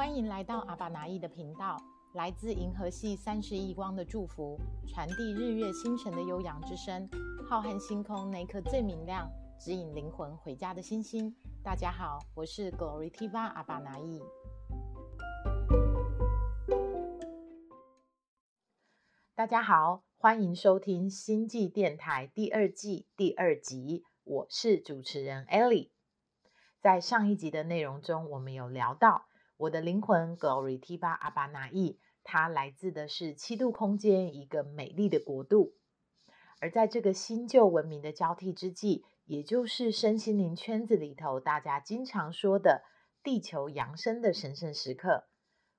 歡迎來到阿巴拿意的頻道，來自銀河系三十億光的祝福，傳遞日月星辰的悠揚之聲。浩瀚星空那顆最明亮，指引靈魂回家的星星。大家好，我是 Glory Tiva 阿巴拿意。大家好，歡迎收聽星際電台第二季第二集。我是主持人 Ellie。在上一集的內容中，我們有聊到。我的靈魂，Glory Tiva Abanayee 它來自的是七度空間一個美麗的國度。而在這個新舊文明的交替之際，也就是身心靈圈子裡頭大家經常說的地球揚升的神聖時刻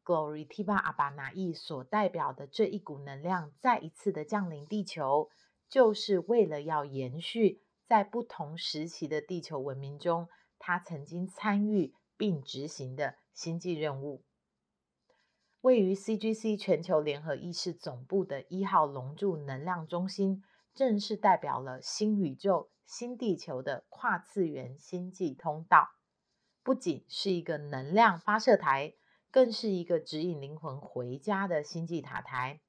，Glory Tiva Abanayee 所代表的這一股能量再一次的降臨地球，就是為了要延續在不同時期的地球文明中，它曾經參與並執行的。星際任務位於 CGC 全球聯合意識總部的一號龍柱能量中心，正式代表了新宇宙、新地球的跨次元星際通道。不僅是一個能量發射台，更是一個指引靈魂回家的星際塔台。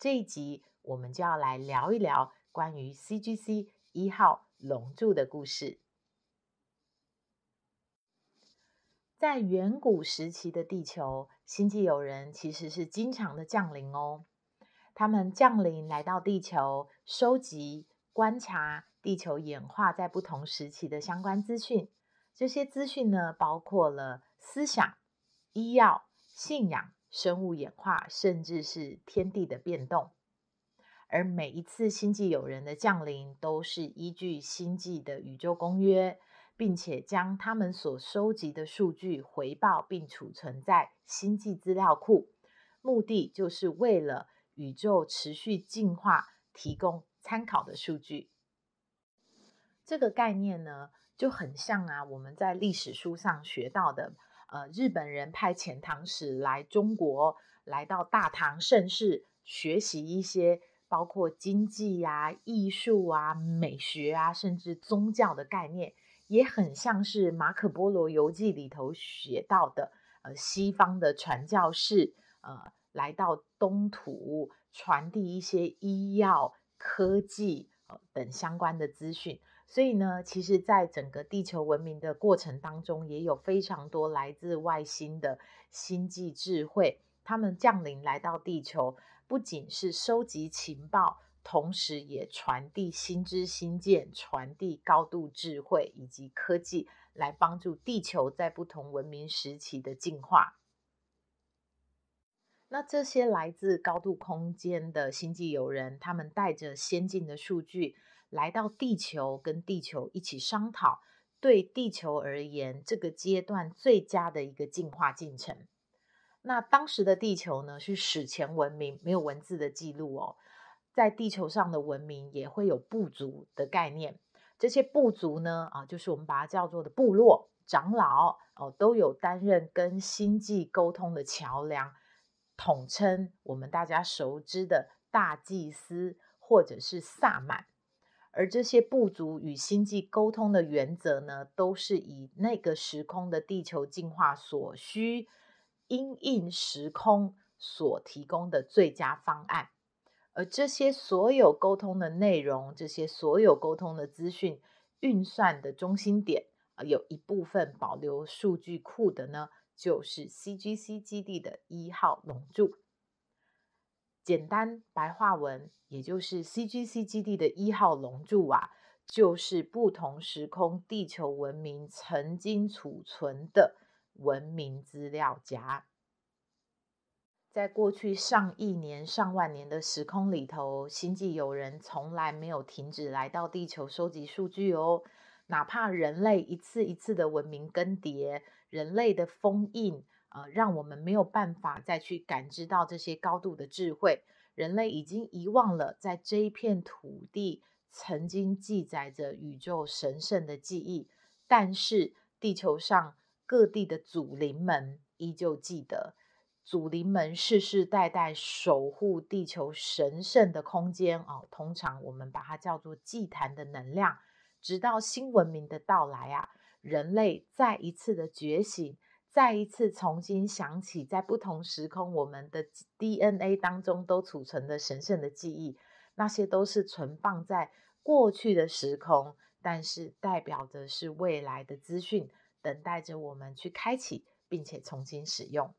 這一集，我們就要來聊一聊關於 CGC 一號龍柱的故事。在遠古時期的地球，星際友人其實是經常的降臨哦。他們降臨來到地球，收集、觀察地球演化在不同時期的相關資訊。這些資訊呢，包括了思想、醫藥、信仰、生物演化，甚至是天地的變動。而每一次星際友人的降臨，都是依據星際的宇宙公約。並且將他們所收集的數據回報並儲存在星際資料庫，目的就是為了宇宙持續進化提供參考的數據。這個概念呢，就很像啊，我們在歷史書上學到的，呃，日本人派遣唐使來中國，來到大唐盛世，學習一些包括經濟啊、藝術啊、美學啊，甚至宗教的概念。也很像是馬可波羅遊記裡頭學到的，呃，西方的傳教士，呃，來到東土傳遞一些醫藥、科技，呃，等相關的資訊。所以呢，其實，在整個地球文明的過程當中，也有非常多來自外星的星際智慧，他們降臨來到地球，不僅是收集情報。同時也傳遞新知新建、傳遞高度智慧以及科技，來幫助地球在不同文明時期的進化。那這些來自高度空間的星際友人，他們帶着先進的數據來到地球，跟地球一起商討對地球而言這個階段最佳的一個進化進程。那當時的地球呢，是史前文明，沒有文字的記錄哦。在地球上的文明也會有部族的概念，這些部族呢，啊，就是我們把它叫做的部落長老哦，啊，都有擔任跟星際溝通的橋梁，統稱我們大家熟知的大祭司或者是薩滿。而這些部族與星際溝通的原則呢，都是以那個時空的地球進化所需，因應時空所提供的最佳方案。而這些所有溝通的內容，這些所有溝通的資訊，運算的中心點，有一部分保留數據庫的呢，就是 CGC 基地的一號龍柱。簡單白話文，也就是 CGC 基地的一號龍柱啊，就是不同時空地球文明曾經儲存的文明資料夾。在過去上億年、上萬年的時空裡頭，星際友人從來沒有停止來到地球收集數據哦。哪怕人類一次一次的文明更迭，人類的封印，呃，讓我們沒有辦法再去感知到這些高度的智慧。人類已經遺忘了在這一片土地曾經記載着宇宙神聖的記憶，但是地球上各地的祖靈們依舊記得。祖靈們世世代代守護地球神聖的空間哦，通常我們把它叫做祭壇的能量，直到新文明的到來啊，人類再一次的覺醒，再一次重新想起，在不同時空我們的 DNA 當中都儲存的神聖的記憶，那些都是存放在過去的時空，但是代表的是未來的資訊，等待着我們去開啟，並且重新使用。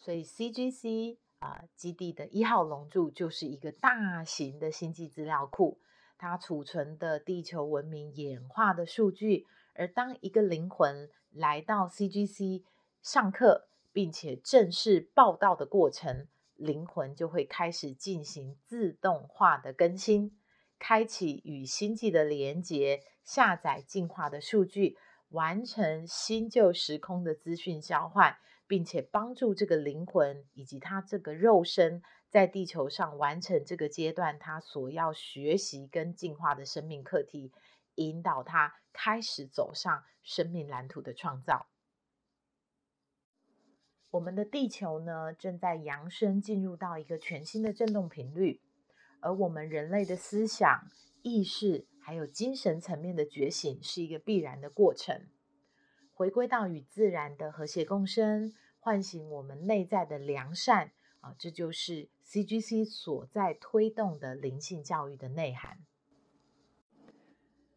所以，C G C 啊，基地的一號龍柱就是一個大型的星際資料庫，它儲存的地球文明演化的數據。而當一個靈魂來到 C G C 上課，並且正式報到的過程，靈魂就會開始進行自動化的更新，開啟與星際的連接，下載進化的數據，完成新舊時空的資訊交換。並且幫助這個靈魂以及他這個肉身在地球上完成這個階段他所要學習跟進化的生命課題，引導他開始走上生命藍圖的創造。我們的地球呢，正在揚升進入到一個全新的震動頻率，而我們人類的思想、意識還有精神層面的覺醒，是一個必然的過程。回歸到與自然的和諧共生，喚醒我們內在的良善啊、呃，這就是 CGC 所在推動的靈性教育的內涵。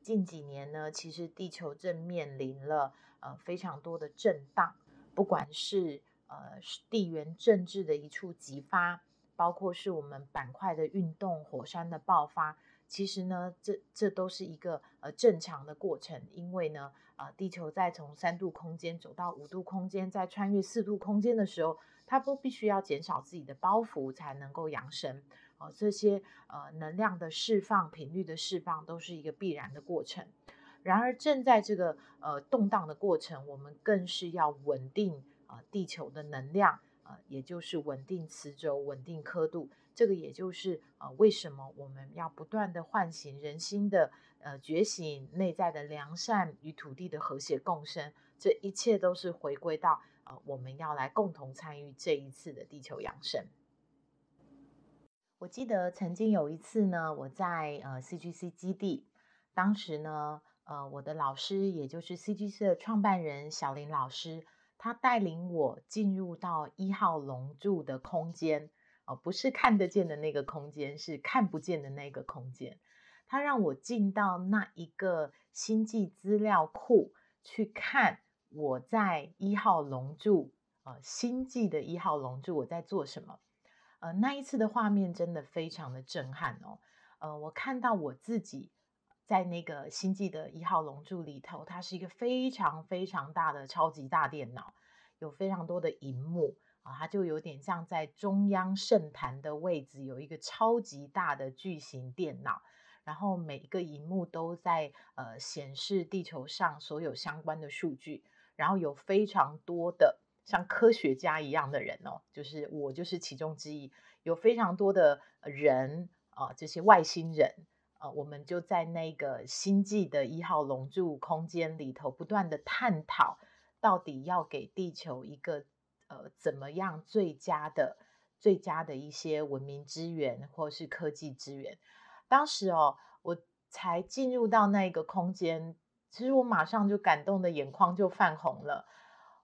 近幾年呢，其實地球正面臨了呃非常多的震盪，不管是呃地緣政治的一觸即發，包括是我們板塊的運動、火山的爆發。其實呢，這這都是一個呃正常的過程，因為呢，呃，地球在從三度空間走到五度空間，在穿越四度空間的時候，它不必須要減少自己的包袱才能夠揚升。呃，這些呃能量的釋放、頻率的釋放都是一個必然的過程。然而，正在這個呃動盪的過程，我們更是要穩定呃地球的能量呃，也就是穩定磁軸、穩定刻度。這個也就是呃，為什麼我們要不斷地喚醒人心的呃覺醒，內在的良善與土地的和諧共生，這一切都是回歸到呃，我們要來共同參與這一次的地球揚升。我記得曾經有一次呢，我在呃 C G C 基地，當時呢呃我的老師，也就是 C G C 的創辦人小林老師，他帶領我進入到一號龍柱的空間。哦，不是看得見的那個空間，是看不見的那個空間。它讓我進到那一個星際資料庫去看我在一號龍柱，呃，星際的一號龍柱我在做什麼？呃，那一次的畫面真的非常的震撼哦。呃，我看到我自己在那個星際的一號龍柱裡頭，它是一個非常非常大的超級大電腦，有非常多的熒幕啊、哦，它就有點像在中央聖壇的位置有一個超級大的巨型電腦，然後每一個熒幕都在呃顯示地球上所有相關的數據，然後有非常多的像科學家一樣的人哦，就是我就是其中之一，有非常多的人啊、呃，這些外星人啊、呃，我們就在那個星際的一號龍柱空間裡頭不斷的探討到底要給地球一個。呃，怎麼樣，最佳的、最佳的一些文明資源或是科技資源。當時哦，我才進入到那一個空間，其實我馬上就感動的眼眶就泛紅了。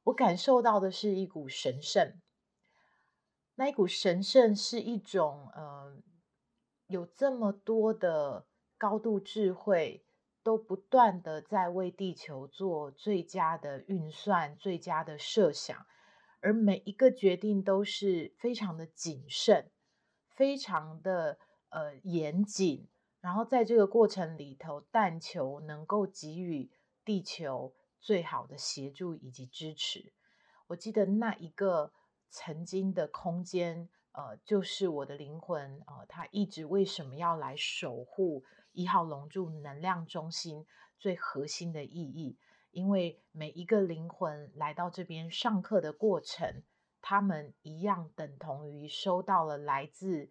我感受到的是一股神聖，那一股神聖是一種，嗯、呃，有這麼多的高度智慧都不斷的在為地球做最佳的運算、最佳的設想。而每一個決定都是非常的謹慎，非常的呃嚴謹，然後在這個過程裡頭，但求能夠給予地球最好的協助以及支持。我記得那一個曾經的空間，呃，就是我的靈魂，呃，它一直為什麼要來守護一號龍柱能量中心最核心的意義？因為每一個靈魂來到這邊上課的過程，他們一樣等同於收到了來自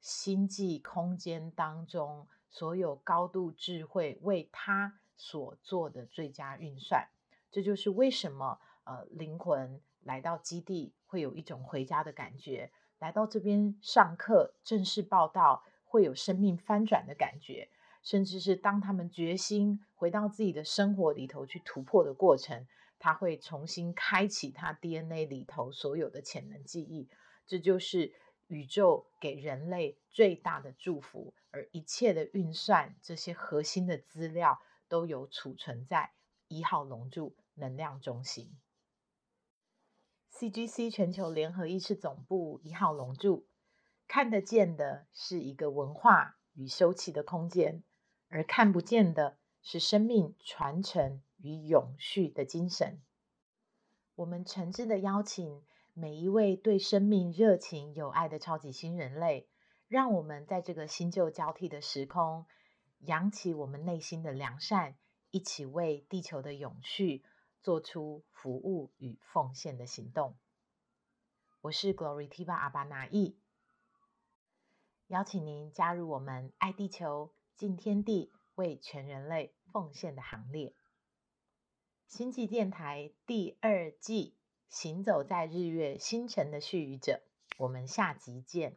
星際空間當中所有高度智慧為他所做的最佳運算。這就是為什麼呃靈魂來到基地會有一種回家的感覺，來到這邊上課正式報到會有生命翻轉的感覺。甚至是當他們決心回到自己的生活裡頭去突破的過程，他會重新開啟他 DNA 裡頭所有的潛能記憶。這就是宇宙給人類最大的祝福。而一切的運算，這些核心的資料，都有儲存在一號龍柱能量中心。CGC 全球聯合意識總部一號龍柱，看得見的是一個文化與休憩的空間。而看不見的是生命傳承與永續的精神。我們誠摯地邀請每一位對生命熱情有愛的超級新人類，讓我們在這個新舊交替的時空，揚起我們內心的良善，一起為地球的永續做出服務與奉獻的行動。我是 Glory Tiva 阿巴納伊。邀請您加入我們，愛地球。敬天地為全人類奉獻的行列，《星際電台》第二季，行走在日月星辰的絮語者，我們下集見。